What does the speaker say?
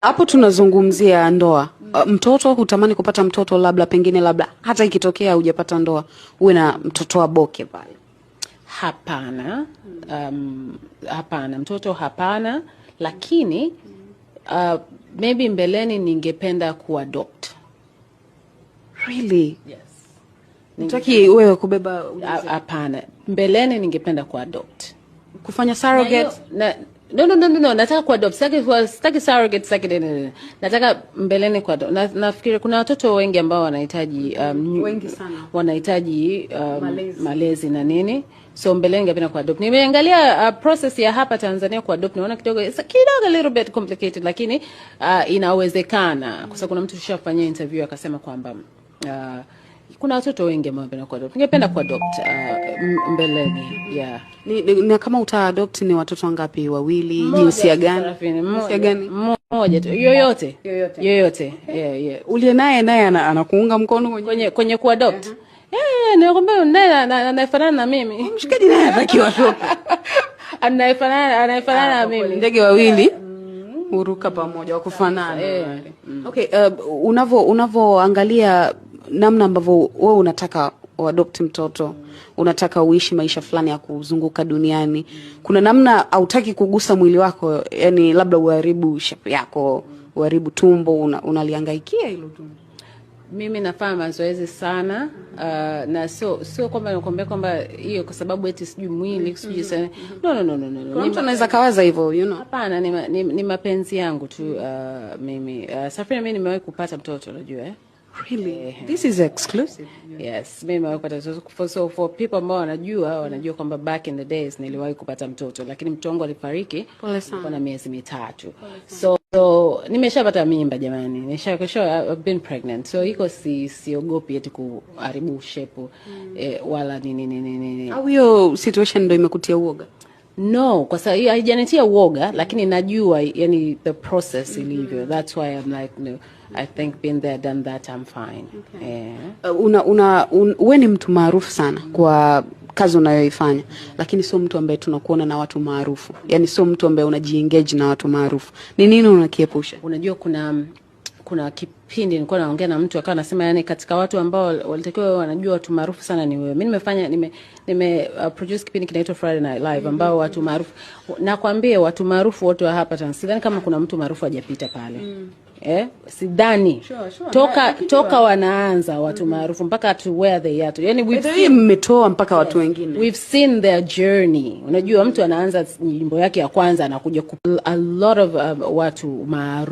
Hapo tunazungumzia ndoa. Uh, mtoto hutamani kupata mtoto, labda pengine, labda hata ikitokea hujapata ndoa, uwe na mtoto wa boke pale? Hapana, um, hapana, mtoto hapana, lakini uh, maybe mbeleni ningependa kuadopt. Really? Yes. Nitaki wewe kubeba? Hapana, mbeleni ningependa kuadopt, kufanya surrogate na No, no, no, no, no. Nataka kuadopt. Sitaki, sitaki surrogate, sitaki nini. Nataka mbeleni kwa na, nafikiri kuna watoto wengi ambao wanahitaji um, wengi sana. Wanahitaji um, malezi. malezi na nini. So mbeleni ngependa kuadopt. Nimeangalia uh, process ya hapa Tanzania adopt. Naona kidogo kidogo a little bit complicated lakini uh, inawezekana. Kwa sababu kuna mtu tushafanyia interview akasema kwamba uh, kuna watoto wengi ambao wanapenda kuadopt. Ningependa kuadopt uh, mbeleni. Yeah. Ni, ni, ni kama utaadopt ni watoto wangapi? Wawili, jinsia gani? Jinsia gani? Moja tu. Yoyote. Yoyote. Yoyote. Yeah, yeah. Uliye naye naye anakuunga mkono kwenye kwenye, kwenye kuadopt. Uh mhm. -huh. Yeah, nikwambia naye anafanana na mimi. Oh, mshikaji naye anatakiwa watoto. Anafanana anafanana ah, na mimi. Ndege wawili huruka pamoja wakufanana. Okay, uh, unavo unavoangalia namna ambavyo wewe unataka uadopti mtoto, mm. unataka uishi maisha fulani ya kuzunguka duniani. mm. Kuna namna autaki kugusa mwili wako, yani labda uharibu shape yako, uharibu tumbo, unaliangaikia una hilo tumbo. Mimi nafanya mazoezi sana uh, na sio sio kwamba nakwambia kwamba hiyo kwa sababu eti sijui mwili sijui mhm. sana. No, no, no, no, no. Kwa mtu anaweza kawaza hivyo you know. Hapana, ni, ni, ni mapenzi yangu tu uh, mimi uh, safari mimi nimewahi kupata mtoto unajua eh Really? yeah. This is exclusive. Yes, mimi nimewahi kupata So for people ambao wanajua, wanajua kwamba back in the days niliwahi kupata mtoto, lakini mtongo wangu alifariki nilikuwa na miezi mitatu. So, so nimeshapata mimba jamani. nimesha I've been pregnant. So iko si siogopi eti kuharibu shepu mm. eh, wala nini nini nini. Au hiyo situation ndio imekutia uoga? No, kwa sababu haijanitia uoga, lakini najua yani the process mm -hmm. ilivyo. That's why I'm like no, I think been there done that I'm fine. Okay. Yeah. Uh, una una un, we ni mtu maarufu sana kwa kazi unayoifanya, lakini sio mtu ambaye tunakuona na watu maarufu, yani sio mtu ambaye unajiengage na watu maarufu. Ni nini unakiepusha? Unajua kuna kuna kipindi nilikuwa naongea na mtu akawa anasema, yani katika watu ambao walitakiwa wanajua watu maarufu sana ni wewe. Mimi nimefanya nime, nime uh, produce kipindi kinaitwa Friday Night Live mm-hmm. ambao watu maarufu nakwambia, watu maarufu wote wa hapa Tanzania, sidhani kama kuna mtu maarufu hajapita pale mm. Eh, sidhani sure, sure. Toka na, toka wanaanza watu mm -hmm. maarufu mpaka to where they are yani we've seen mmetoa mpaka yes, watu wengine we've seen their journey. Unajua mm -hmm. mtu anaanza nyimbo yake ya kwanza anakuja a lot of um, watu maarufu